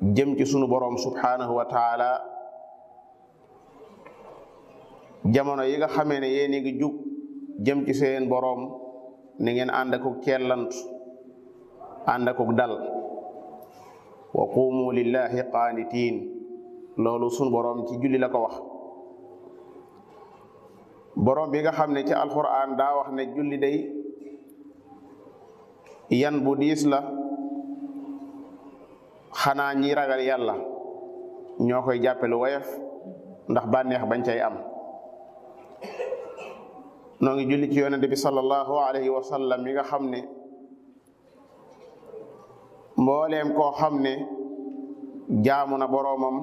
jëm ci sunu boroom subhaanahu wa taala jamono yi nga xamee ne yéen a ngi jug jëm ci seen boroom ni ngeen ànd akuk lant ànd akuk dal wa qumu lillahi qaanitiin loolu sunu boroom ci julli la ko wax boroom bi nga xam ne ci alquran daa wax ne julli day yan bu diis la xanaa ñi ragal yàlla ñoo koy jàppe lu woyof ndax bànneex bañ cay am noo ngi julli ci yonente bi sallallahu alayhi wa sallam mi nga xam ne mbooleem koo xam ne jaamu na boroomam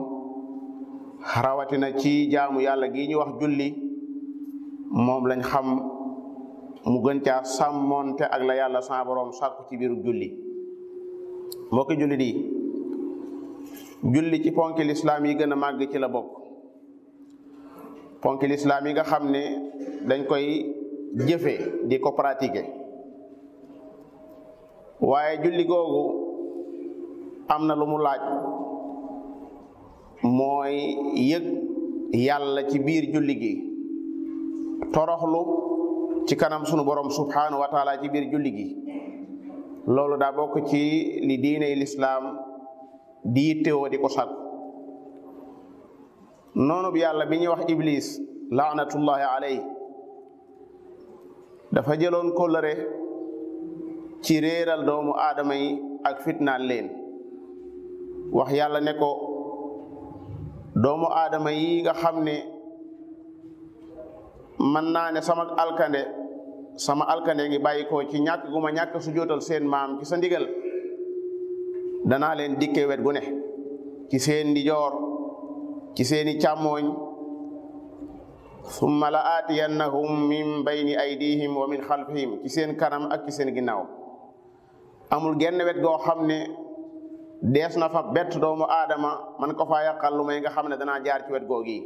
rawatina ci jaamu yàlla gi ñu wax julli moom lañ xam mu gën caa sàmmonte ak la yàlla sa boroom sàkku ci biiru julli mbokki julli di julli ci ponk lislaam yi gën a màgg ci la bokk ponk lislaam yi nga xam ne dañ koy jëfe di ko pratiquer waaye julli googu am na lu mu laaj mooy yëg yàlla ci biir julli gi toroxlu ci kanam sunu borom subhanahu wa ci biir julli gi loolu daa bokk ci li diine lislaam di yittewoo di ko sàkku noonu yàlla bi ñuy wax iblis laanatullahi alayhi dafa jëloon kóllëre ci réeral doomu aadama yi ak fitnaan leen wax yàlla ne ko doomu aadama yi nga xam ne man naa ne sama alkande sama alkande ngi bàyyi koo ci ñàkk gu ma ñàkk su jootal seen maam ci sa ndigal danaa leen dikke wet gu ne ci seen ndijoor ci seeni càmmooñ summa la aatiyannahum min bayni aydihim wa min xalfihim ci seen kanam ak ci seen ginnaaw amul genn wet goo xam ne des na fa bett doomu aadama man ko faa yàqal lu may nga xam ne danaa jaar ci wet goo gi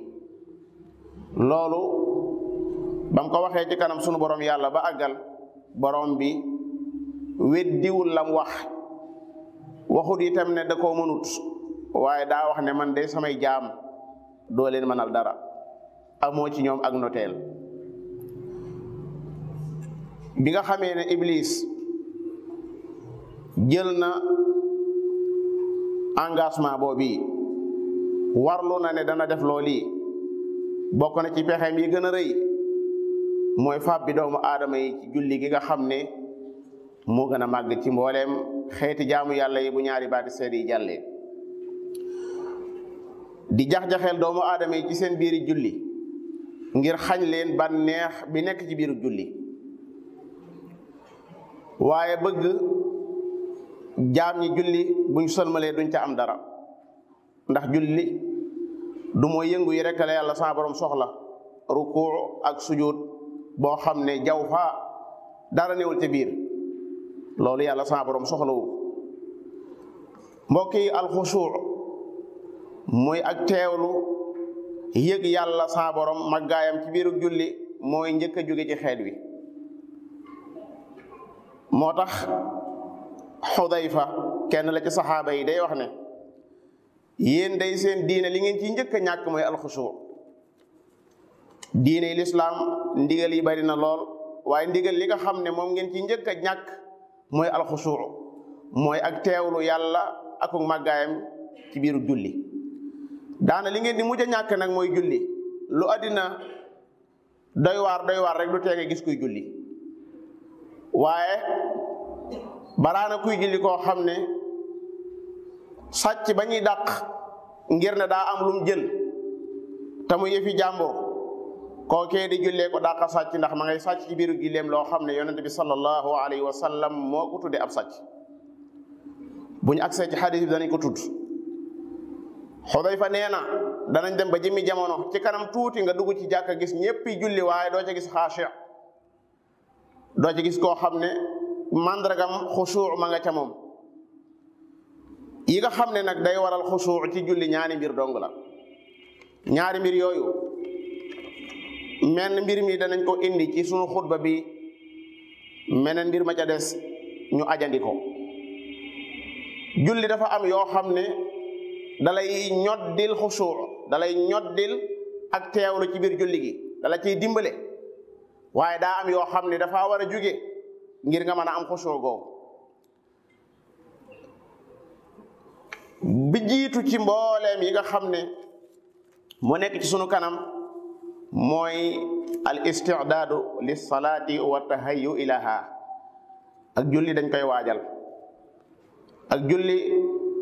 loolu bam ko waxee ci kanam sunu borom yàlla ba àggal borom bi weddiwul lam wax waxut yi tam ne da koo mënut waaye daa wax ne man de samay jaam doo leen mënal dara amoo ci ñoom ak noteel bi nga xamee ne Iblis jël na engagement boobu warlu na ne dana def loolu bokk na ci pexeem yi gën a rëy mooy fab bi doomu aadama yi julli gi nga xam ne. moo gën a màgg ci mboolem xeeti jaamu yàlla yi bu ñaari baati seede yi jàllee di jax-jaxeel doomu aadama yi ci seen biiri julli ngir xañ leen bànneex bi nekk ci biiru julli waaye bëgg jaam ñi julli buñ solmalee duñ ca am dara ndax julli du mooy yëngu yi rek la yàlla sa soxla rukuu ak sujud boo xam ne jaw fa dara newul ca biir loolu yàlla sa borom soxlawu mbokk yi alxusuu muy ak teewlu yëg yàlla sa borom màggaayam ci biiru julli mooy njëkk a jóge ci xeet wi moo tax fa kenn la ci saxaaba yi day wax ne yéen day seen diine li ngeen ci njëkk a ñàkk mooy alxusuu diine lislaam ndigal yi bari na lool waaye ndigal li nga xam ne moom ngeen ci njëkk a ñàkk mooy alxusuu mooy ak teewlu yàlla ak màggaayam ci biiru julli daana li ngeen di mujj a ñàkk nag mooy julli lu àddina doy waar doy waar rek du tee gis kuy julli waaye balaa kuy julli koo xam ne sàcc ba ñuy dàq ngir ne daa am lum jël te mu yëfi jàmbur ko keedi julle ko ɗaka sacci ndax ma ngay sacci ci biiru jullem loo xam ne yonente bi salallahu alayhi wa sallam moo ko tudde ab sacc buñu accès ci xadis bi danañ ko tudd xoday fa nee na danañ dem ba jëmmi jamono ci kanam tuuti nga dugg ci jàkka gis ñëppi julli waaye doo ca gis xaasheq doo ca gis koo xam ne mandragam xusuu ma nga ca moom yi nga xam ne nag day waral xusuu ci julli ñaari mbir dong la ñaari mbir yooyu menn mbir mi danañ ko indi ci sunu xutba bi menen mbir ma ca des ñu ajandi ko julli dafa am yoo xam ne dalay ñoddil xusuur dalay ñoddil ak teewlu ci biir julli gi dala ciy dimbale waaye daa am yoo xam ne dafa war a jóge ngir nga mën a am xusuur googu bi jiitu ci mbooleem yi nga xam ne moo nekk ci sunu kanam mooy al istidaadu li salaati wa tahayyu ilaha ak julli dañ koy waajal ak julli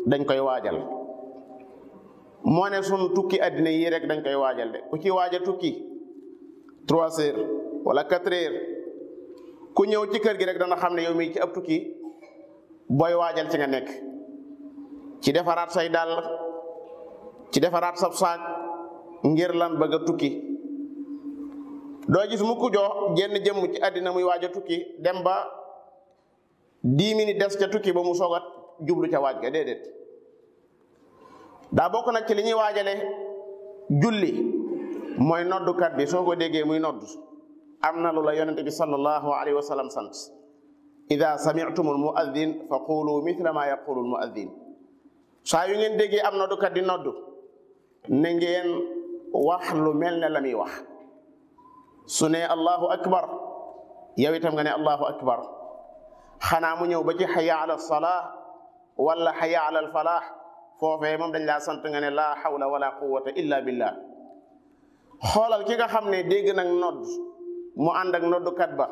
dañ koy waajal moo ne sun tukki addina yi rek dañ koy waajal de ku ci waaja tukki trois heures wala quatre heures ku ñëw ci kër gi rek dana xam ne yow mi ci ab tukki booy waajal ci nga nekk ci defaraat say daal ci defaraat sab saak ngir lan bëgg a tukki doo gis mukk joo jenn jëmm ci àddina muy waaj a tukki dem ba dix minutes des ca tukki ba mu soog a jublu ca waaj ga déedéet daa bokk na ci li ñuy waajale julli mooy noddukat bi soo ko déggee muy nodd am na lu la yonente bi sallallahu alayhi wa sallam sant ida sami'tum al fa qulu mithla ma yaqulu al muaddin saa yu ngeen déggee am noddukat di nodd na ngeen wax lu mel ne la muy wax suné allahu akbar yow itam nga ne allahu akbar xanaa mu ñëw ba ci xaya ala salaah wala xaya ala alfalaax foofee moom dañ laa sant nga ne laa xawla wala quwata illa billah xoolal ki nga xam dégg nag nodd mu ànd ak noddukat ba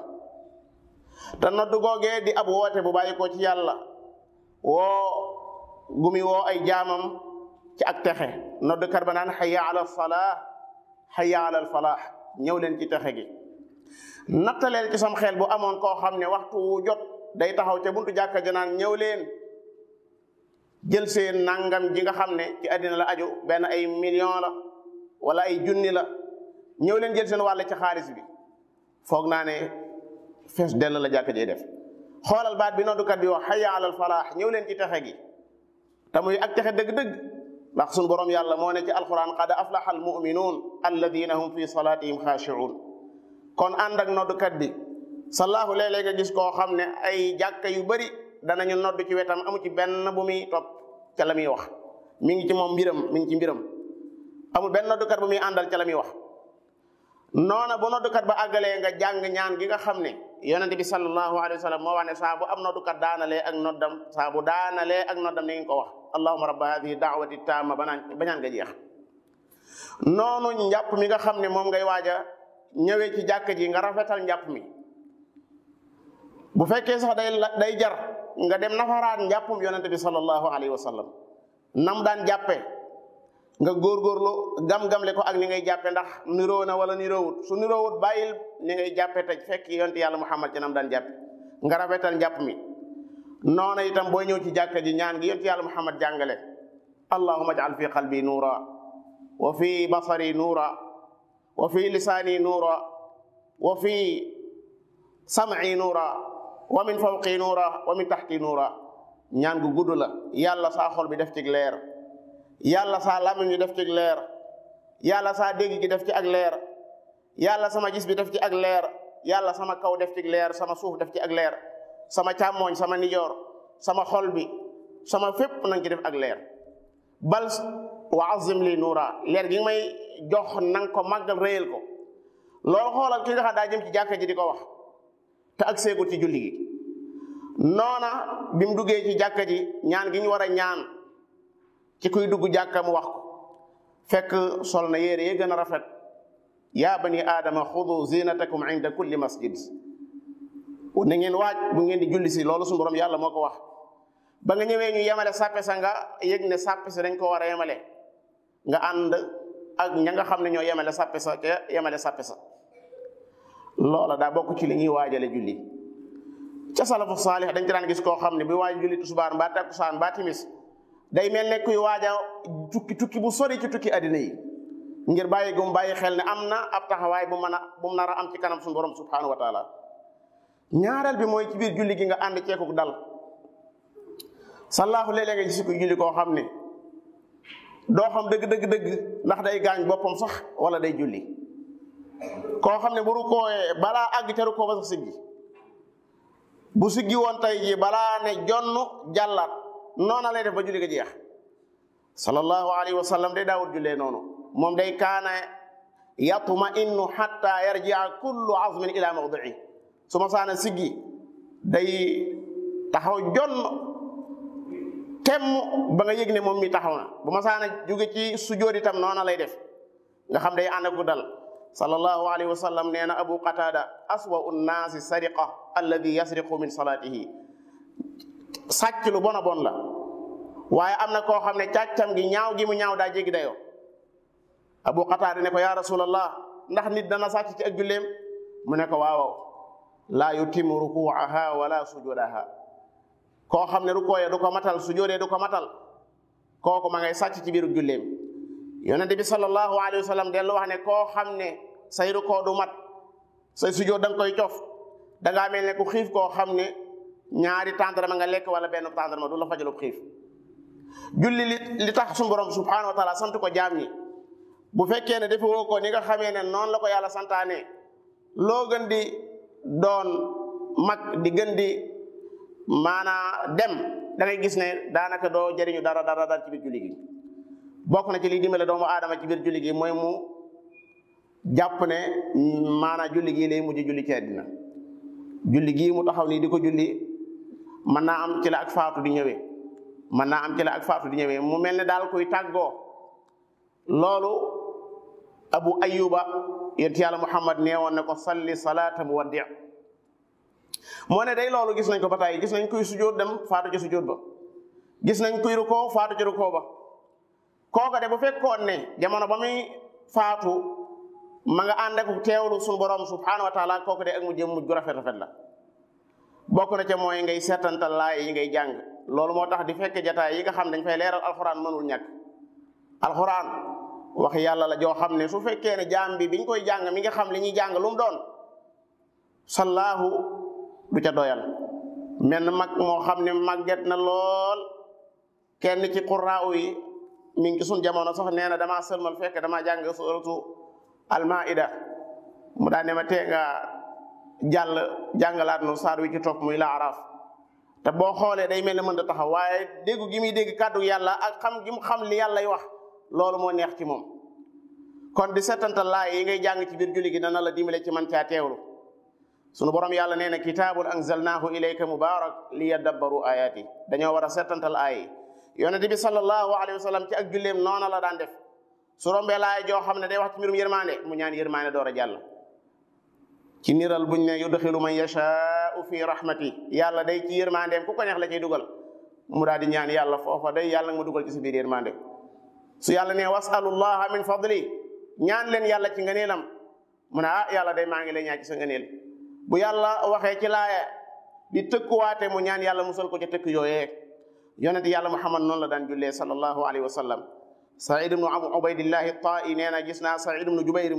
te nodd googee di ab woote bu bàyyi ko ci yàlla woo gumi woo ay jaamam ci ak texe noddkat ba naan xaya ala salaah xaya ala alfalaax ñëw leen ci texe gi nattaleel ci sam xel bu amoon koo xam ne waxtu jot day taxaw ca buntu jàkka ja naan ñëw leen jël seen nangam ji nga xam ne ci àddina la aju benn ay million la wala ay junni la ñëw leen jël seen wàll ci xaalis bi foog naa ne fees dell la jàkka jay def xoolal baat bi noddukat bi wax xayya alal falaax ñëw leen ci texe gi te muy ak texe dëgg-dëgg ndax suñ borom yàlla moo ne ci alquran qad aflaha almuminuun alladina hum fi salatihim xaashiuun kon ànd ak noddukat bi sallahu léeg-léeg nga gis koo xam ne ay jàkka yu bëri danañu nodd ci wetam amu ci benn bu muy topp ca la muy wax mi ngi ci moom mbiram mi ngi ci mbiram amul benn noddukat bu muy àndal ca la muy wax noona bu noddukat ba àggalee nga jàng ñaan gi nga xam ne yonente bi sallallahu alayhi wa sallam moo wax ne saa bu am noddukat daanalee ak noddam saa bu daanalee ak noddam ni ngeen ko wax allahuma a hadihi daawati taama banaan bañaan nga jeex noonu njàpp mi nga xam ne moom ngay waaj a ñëwee ci jàkk ji nga rafetal njàpp mi bu fekkee sax day day jar nga dem nafaraat njàppum yonente bi sallallahu alayhi wa sallam nam daan jàppee nga góorgóorlu gam-gamle ko ak ni ngay jàppe ndax niroo na wala niroowut su niroowut bàyyil ni ngay jàppe taj fekk yonte yàlla muhammad ci nam daan jàppe nga rafetal njàpp mi noona itam booy ñëw ci jàkka ji ñaan gi yonte yàlla muhammad jàngale allahuma jaal fi qalbi nuura wa fi basari nuura wa fi lisaani nuura wa fi sam'i nuura wa min fawqi nuura wa min taxti nuura ñaan gu gudd la yàlla saa xol bi def ci leer yàlla saa làmmiñ ñu def ci leer yàlla saa dégg gi def ci ak leer yàlla sama jis bi def ci ak leer yàlla sama kaw def ci leer sama suuf def ci ag leer sama càmmooñ sama nijoor sama xol bi sama fépp nañ ci def ag leer bal wa azim li nuura leer gi may jox nang ko màggal réyal ko loolu xoolal ki nga xam daa jëm ci jàkka ji di ko wax te ak seegul ci julli noona bi duggee ci jàkka ñaan gi war a ñaan ci kuy dugg jàkka wax ko fekk sol na yére ya gën a rafet yaa bani aadama xudu zinatakum inda kulli masjid na ngeen waaj bu ngeen di julli si loolu suñu borom yàlla moo ko wax ba nga ñëwee ñu yemale sàppe sa nga yëg ne sàppe sa dañ ko war a yemale nga ànd ak ña nga xam ne ñoo yemale sàppe sa ca yemale sàppe sa loola daa bokk ci li ñuy waajale julli ca salafu saalix dañ ci daan gis koo xam bi waaj julli mbaa mbaa timis day mel ne kuy waaja a tukki tukki bu sori ci tukki àddina yi ngir bàyyi gum bàyyi xel ne am na ab taxawaay bu mën a bu mu nar a am ci kanam suñu borom subhanahu wa ñaareel bi mooy ci biir julli gi nga ànd ceekuk dal sallaahu léeg-léeg nga gis ko julli koo xam ne doo xam dëgg dëgg dëgg ndax day gaañ boppam sax wala day julli koo xam ne bu rukkooyee balaa àgg ca rukkoo ba siggi bu siggi woon tey ji balaa ne jonn jàllaat noona lay def ba julli ga jeex sallallahu alayhi wa day daawut jullee noonu moom day kaana yatma innu xatta a kullu azmin ila mawdii su ma saana siggi day taxaw jonn temm ba nga yëg ne moom mi taxaw na bu ma saana jóge ci sujood itam noona lay def nga xam day ànd ak ku dal sallallahu alayhi wa sallam nee na abu qatada aswa unnaasi sariqa alladi yasriqu min salaatihi sàcc lu bon a bon la waaye am na koo xam ne càccam gi ñaaw gi mu ñaaw daa jéggi dayoo abu xataar ne ko yaa rasulallah ndax nit dana sàcc ci ak julleem mu ne ko waawaw laa yutimu rukuaha wala sujudaha koo xam ne rukoo ya du ko matal sujoodee du ko matal kooku ma ngay sàcc ci biiru julleem yonente bi sallallahu alayhi wa sallam dellu wax ne koo xam ne say rukoo du mat say sujood da koy cof da mel ne ku xiif koo xam ne ñaari tàndarma nga lekk wala benn tàndarma du la fajalub xiif julli li tax suñu borom subhanahu wa ko jaam ñi bu fekkee ne defewoo ko ni nga xamee ne noonu la ko yàlla santaane loo gën di doon mag di gën di maanaa dem da gis ne daanaka doo jëriñu dara dara dara ci biir julli gi bokk na ci liy dimbale doomu aadama ci biir julli gi mooy mu jàpp ne maanaa julli gii lay mujj julli ci àddina julli gii mu taxaw nii di ko julli mën naa am cila ak faatu di ñëwee mën naa am cila ak faatu di ñëwee mu mel ne daal koy tàggoo loolu abu ayuba yent yàlla muhammad neewoon ne ko salli salaatam waddiq moo ne day loolu gis nañ ko ba tàyyi gis nañ kuy sujóot dem faatu ci sujóot ba gis nañ kuy rukoo faatu ci rukoo ba kooka de bu fekkoon ne jamono ba muy faatu ma nga àndeku teewlu suñu borom subhanahu wa taala kooku de ak mu jëm mujj rafet rafet la bokk na ca mooy ngay seetantal laay yi ngay jàng loolu moo tax di fekkee jataay yi nga xam dañ fay leeral alxuraan mënul ñàkk alxuraan wax yàlla la joo xam ne su fekkee ne jaam bi biñ koy jàng mi nga xam li ñuy jàng lu mu doon sallaahu du ca doyal menn mag moo xam ne màgget na lool kenn ci quraaw yi mi ngi suñ jamono sax nee na damaa sëlmal fekk damaa jàng suratu almaida mu daa ne ma jàll jàngalaat nu saar wi ci topp muy la laaraaf te boo xoolee day mel na mën a taxaw waaye dégg gi muy dégg kàddu yàlla ak xam gi mu xam li yàllay wax loolu moo neex ci moom kon di settantal laay yi ngay jàng ci biir julli gi dana la dimbale ci man caa teewlu sunu borom yàlla nee na kitaabun anzalnaahu ilayka mubaarak li yadabbaru ayaati dañoo war a settantal aay yonente bi sallallahu alayhi wa sallam ci ak julleem noona la daan def su rombee laay joo xam ne day wax ci mbirum yërmaande mu ñaan yërmaande door a jàll ci niral buñ ne yudxilu man yashaau fi rahmati yàlla day ci yërmandeem ku ko neex la cay dugal mu daal di ñaan yàlla foofa day yàlla nga ma dugal ci sa biir yërmandeem su yàlla ne wasalullaha min fadli ñaan leen yàlla ci ngëneelam mu ne ah, yàlla day maa ngi lay ñaan ci sa bu yàlla waxee ci laaya di tëkkuwaate mu ñaan yàlla musal ko ca tëkk yooyee yonent yàlla muhammad noonu la daan jullee sallallahu alayhi wa sallam said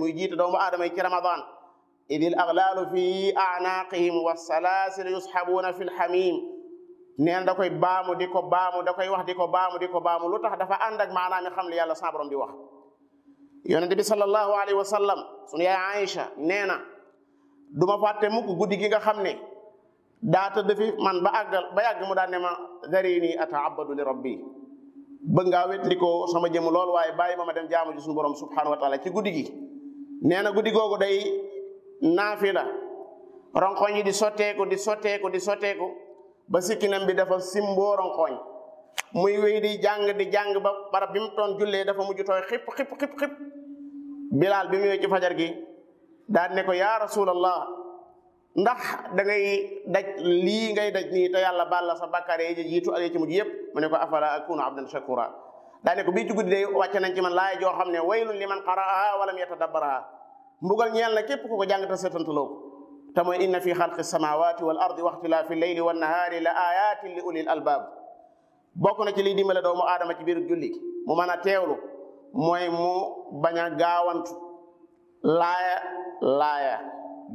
muy jiite doomu aadama yi ci ramadan idil aghlaalu fi a'naaqihim was-salaasilu yushabuuna fil hamiim neen da koy baamu di ko baamu da wax di ko baamu di ko baamu lu tax dafa ànd ak maanaam xam li yàlla sa borom di wax. yonent bi sallallahu alayhi wa sallam sunu yaay Aïcha nee na du ma fàtte mukk guddi gi nga xam ne daa tëdd fi man ba àggal ba yàgg mu daan ne ma darini ata'abbadu li rabbi bëgg ngaa wetli ko sama jëm lool waaye bàyyi ma ma dem jaamu ji suñu borom subhanahu wa taala ci guddi gi nee day. naafila ronkoñ yi di sotteeku di sotteeku di sotteeku ba sikkinam bi dafa simboo ronkoñ muy wéy di jàng di jàng ba barab bi mu toon jullee dafa mujj tooy xip xip xip xip bilaal bi mu ñëwee fajar gi daal ne ko yaa rasulallah ndax dangay ngay daj lii ngay daj nii te yàlla baal la sa bàkkaar yi jiitu ak ci mujj yëpp mu ne ko afala akunu abdan shakura daa ne ko bii ci guddi day nañ ci man laay joo xam ne waylun liman qaraa walam yatadabbaraha mbugal ñeel na képp ku ko jàng ta seetantaloo ko te mooy inna fi xalqi samawati wal ardi waxtilaafi leyli wa nahaari la ayatin li ulil albab bokk na ci liy dimbale doomu aadama ci biir julli mu mën a teewlu mooy mu bañ a gaawantu laaya laaya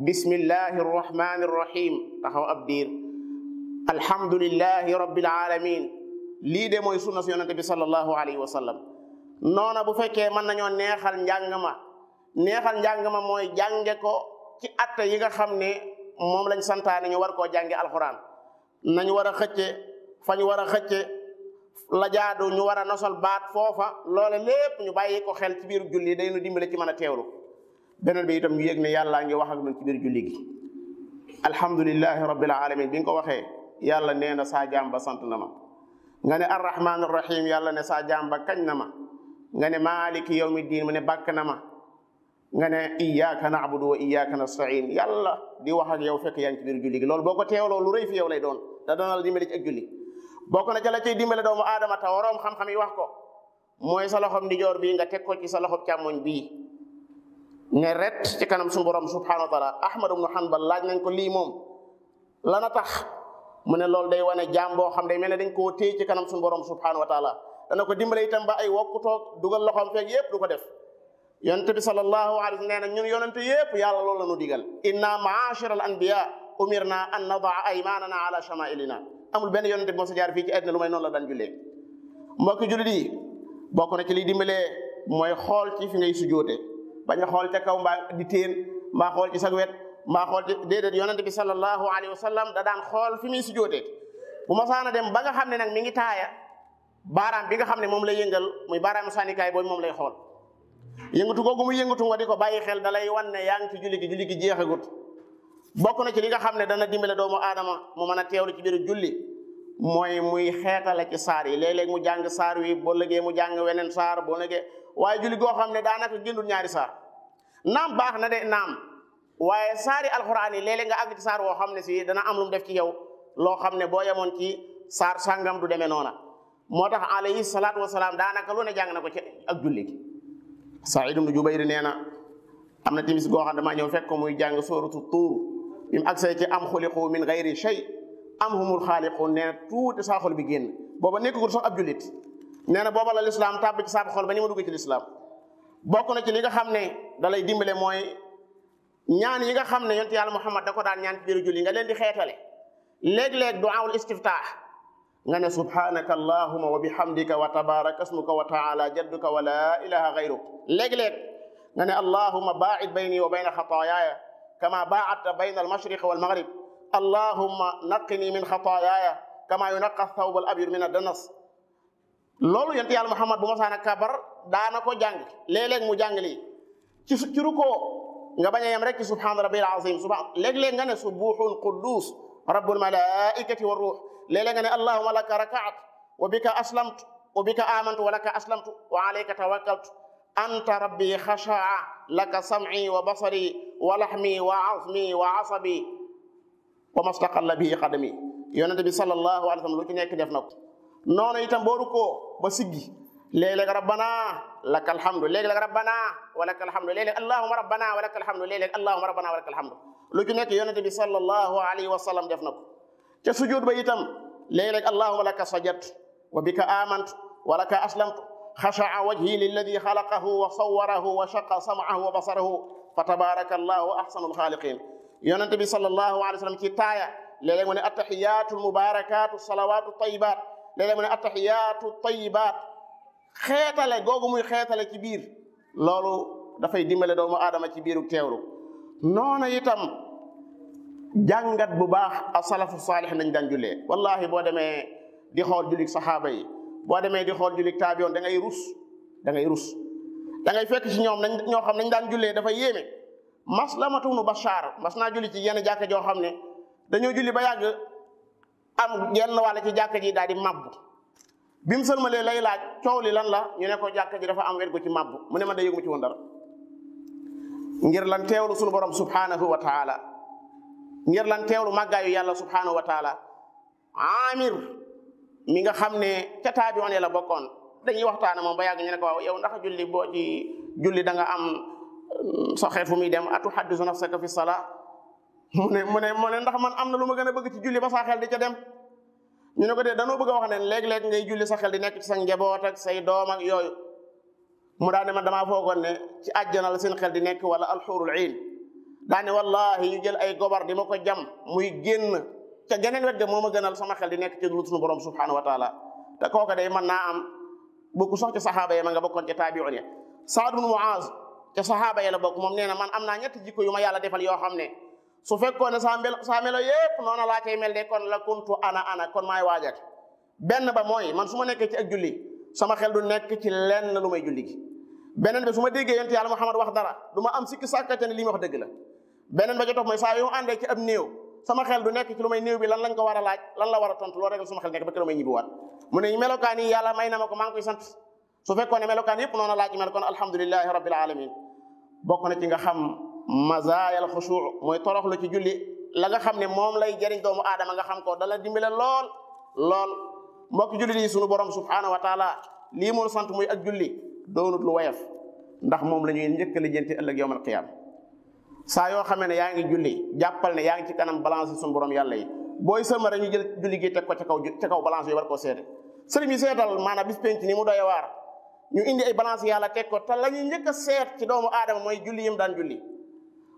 bismillahi arrahmani arrahim taxaw ab diir alhamdulillahi rabbil alamin lii de mooy sunna su yonente bi sallallahu alayhi wa sallam noona bu fekkee mën nañoo neexal njàng ma neexal njàng moy mooy ko ci atte yi nga xam mom lañ santane ñu war ko jànge alquran nañu wara a xëcce fañu wara la jaadu ñu wara nosal baat fofa loole lepp ñu bayyi ko xel ci biir julli day ñu dimbale ci mëna téwlu teewlu bi itam ñu yegg ne yalla ngi wax ak ñu ci biir julli gi alhamdulillahi rabbil alamin bi nga ko waxee yàlla nee na sant nama nga ne arrahmanir rahim yalla ne sa jamba kañ nga ne maliki yawmiddin mu ne bak nama nga ne iyyaka na'budu wa iyyaka nasta'in yàlla di wax ak yow fekk yaa ngi ci biir julli gi loolu boo ko teewloo lu rëy fi yow lay doon da doon la dimbali ci ak julli bokk na la dimbale doomu aadama te waroom xam yi wax ko mooy sa loxom ndijoor bii nga teg ci sa loxom càmmoñ bii ne ret ci kanam suñu borom subhanahu wa taala ahmad ibnu hanbal laaj nañ ko lii moom lana tax mu ne loolu day wane jaam boo xam day mel ne dañ ko téye ci kanam suñu borom subhanahu wa taala dana ko dimbale itam ba ay wokkutoog dugal loxoom feeg yépp du ko def yonent bi sallallahu alayhi wa sallam nee na ñun yonent yépp yàlla loolu la ñu digal inna maashira al anbiya umirna an nadaa aymanana ala shamailina amul benn yonent bi moo jaar fii ci àddina lu may noonu la daan jullee mbokki jullit yi bokk na ci liy dimbalee mooy xool ci fi ngay sujoote bañ a xool ca kaw mbaa di téen mbaa xool ci sa wet mbaa xool ci déedéet yonent bi sallallahu alayhi wa sallam da daan xool fi muy sujoote bu ma saana dem ba nga xam ne nag mi ngi taaya baaraam bi nga xam ne moom lay yëngal muy baaraamu sànnikaay boobu moom lay xool yëngatu googu mu yëngatu nga di ko bàyyi xel dalay wan ne yaa ngi ci julli gi julli gi jeexagut bokk na ci li nga xam ne dana dimbale doomu aadama mu mën a teewlu ci biir julli mooy muy xeetale ci saar yi léeg mu jàng saar wi boo lëgee mu jàng weneen saar boo lëgee waaye julli goo xam ne daanaka génnul ñaari saar naam baax na de naam waaye saari alxuraan yi léeg nga àgg ci saar woo xam ne si dana am lu def ci yow loo xam ne boo yemoon ci saar sàngam du demee noona moo tax alayhi salaatu wa wasalaam daanaka lu ne jàng na ko ci ak julli gi Saïd ibnu Jubayr nee na am na timis goo xam damaa ñëw fekk ko muy jàng sóoratu tuur bi mu agsee ci am xuliqu min gayri shay am humul xaaliqun nee na tuuti saa xol bi génn booba nekkagul sax ab jullit nee booba la lislaam tàbb ci saab xol ba ñu ma dugg ci lislaam bokk na ci li nga xam ne da lay dimbale mooy ñaan yi nga xam ne yonent yàlla Muhammad da ko daan ñaan julli nga leen di xeetale léeg-léeg du awul istiftaax غنى سبحانك اللهم وبحمدك وتبارك اسمك وتعالى جدك ولا اله غيرك لك لك غنى اللهم باعد بيني وبين خطاياي كما باعدت بين المشرق والمغرب اللهم نقني من خطاياي كما ينقى الثوب الابيض من الدنس لولو ينتي على محمد بمسا كبر دانكو جانغ ليلك مو جانغ لي تشكرك nga baña yam rek subhan rabbil azim subhan leg leg nga ne subuhun qudus rabbul malaikati war ليلغني اللهم لك ركعت وبك اسلمت وبك امنت ولك اسلمت وعليك توكلت انت ربي خشع لك سمعي وبصري ولحمي وعظمي وعصبي وما استقل به قدمي يونت بي صلى الله عليه وسلم لوكي نيك ديف نكو نونو ايتام بوروكو با سيغي ربنا لك الحمد ليلغ ربنا ولك الحمد ليلغ اللهم ربنا ولك الحمد ليلغ اللهم ربنا ولك الحمد لوكي نيك يونت بي صلى الله عليه وسلم ديف نكو ca sujud ba itam léeg-léeg allahuma laka sajat wa bika amant wa laka aslamt xashaa wajhi lilladi xalaqahu wa sawarahu wa shaqa samaahu wa basarahu fa tabaraka allahu ahsanul xaaliqin yonente bi sallallahu alayhi wa sallam ci taaya léeg-léeg mu ne attahiyatu mubarakatu salawatu tayibat léeg-léeg mu ne attahiyatu tayibat xeetale googu muy xeetale ci biir loolu dafay dimbale doomu aadama ci biiru teewlu noona itam jàngat bu baax a salafu saalih nañ daan jullee wallahi boo demee di xool julik saxaaba yi boo demee di xool julik taabiyoon da ngay rus da ngay rus fekk ci ñoom nañ ñoo xam nañ daan jullee dafa yéeme mas la ma tunu Bachar mas naa julli ci yenn jàkka joo xam ne dañoo julli ba yàgg am yenn wàll ci jàkka ji daal di mabbu bi mu sëlmalee lay laaj coow li lan la ñu ne ko jàkka ji dafa am wet gu ci mabbu mu ne ma day yëg mu ci woon dara ngir lan teewlu suñu borom subhanahu ngir lan teewlu yu yàlla subhanahu wa taala amir mi nga xam ne ca taabiwoon ya la bokkoon dañuy waxtaana moom ba yàgg ñu ne ko waaw yow ndax julli boo ci julli da nga am mm, sa fu muy dem atu haddisu nafsaka fi sala mu ne mu ne mu ne ndax man am na lu ma gën a bëgg ci julli ba saa xel di ca dem ñu ne ko dee danoo bëgg a wax ne léeg-léeg ngay julli sa xel di nekk ci sa njaboot ak say doom ak yooyu mu daal ne man damaa foogoon ne ci àjjana la seen xel di nekk wala alxurul iin daa wallahi ñu jël ay gobar di ma ko jam muy génn ca geneen wedd moma gënal sama xel di nekk ci lu sunu borom subhanahu wa taala ta kooka day man na am bokku sax ci sahaba yi ma nga bokkon ci tabi'un ya sa'd ibn Muaz ci sahaba yi la bokku mom neena man amna naa jikko yu ma yàlla defal yo xamne su fekkoon ne saa melo saa melo yépp noona la cay mel de kon la kuntu ana ana kon may waajat ben ba moy man suma nekk ci ak julli sama xel du nekk ci lenn lu may julli gi beneen bi su ma déggee yàlla Muhammad wax dara duma am sikki sàkkate ne li ma wax deug la beneen ba ca topp mooy saa yu mu àndee ci ab néew sama xel du nekk ci lu may néew bi lan lañ ko war a laaj lan la war a tontu loolu rek sama xel nekk ba keroog may ñibbiwaat mu ne melokaan yi yàlla may na ma ko maa ngi koy sant su fekkoon ne melokaan yëpp noonu laaj mel kon alhamdulilahi rabbil alamin bokk na ci nga xam mazaayal xushuu mooy torox la ci julli la xam ne moom lay jëriñ doomu aadama nga xam ko dala dimbale lool lool mbokk julli yi sunu borom subhaanahu wa lii mun sant muy ak julli doonut lu wayaf ndax moom la ñuy njëkk a lijjanti ëllëg yowmal qiyaama saa yoo xamee ne yaa ngi julli jàppal ne yaa ngi ci kanam balance suñu borom yàlla yi booy sëlma rek ñu julli gi teg ko ca kaw ca kaw balance yi war koo seete sëriñ bi mu doy waar ñu indi ay balance yàlla teg ko te la ñuy njëkk seet ci doomu aadama mooy julli yim daan julli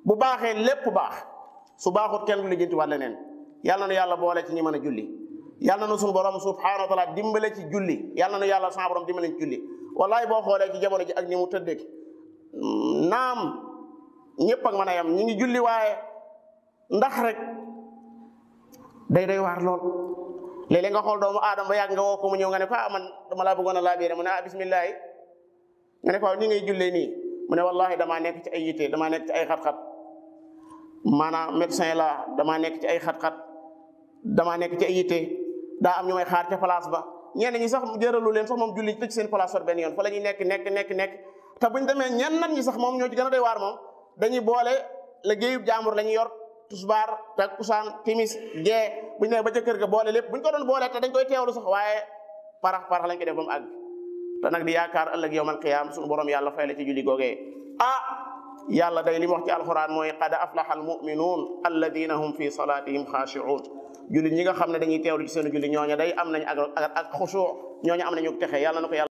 bu baaxee lépp baax su baaxut kenn du lijjanti waat leneen na yàlla boole ci ñi mën a julli yàlla na suñu borom subhaanahu wa taala dimbale ci julli yàlla na yàlla sama borom dimbale ci julli wallahi boo xoolee ci jamono ji ak ni mu tëddee naam ñëpp ak man a yam ñu ngi julli waaye ndax rek day day waar lool léeg nga xool doomu aadama ba yàgg nga woo ko mu ñëw nga ne ko ah, man dama laa bëggoon a laabiire mu ne ah bismillah nga ne ko ni ngay jullee nii mu ne wallahi damaa nekk ci ay yitte damaa nekk ci ay xat-xat maanaam médecin laa damaa nekk ci ay xat-xat damaa nekk ci ay yitte daa am ñu may xaar ca place ba ñenn ñi sax jëralu leen sax moom julli tëj seen place sot benn yoon fa la nekk nekk nekk nekk te buñ demee ñenn ñi sax moom ñoo ci gën a waar moom dañuy boole liggéeyub jaambur la ñuy yor tusbaar takkusaan timis gee bu ñu nee ba ca ga boole lépp bu ñu ko doon boole te dañ koy teewlu sax waaye parax parax lañ koy def ba mu àgg te nag di yaakaar ëllëg yowmal qiyaam suñu borom yàlla fay la ci julli googee ah yàlla day li mu wax ci alxuraan mooy qad aflaha almuminuun alladina hum fi salatihim xaashiuun julli ñi nga xam ne dañuy teewlu ci seen julli ñooña day am nañ ak ak xusuu ñooña am nañu texe yàlla na ko yàlla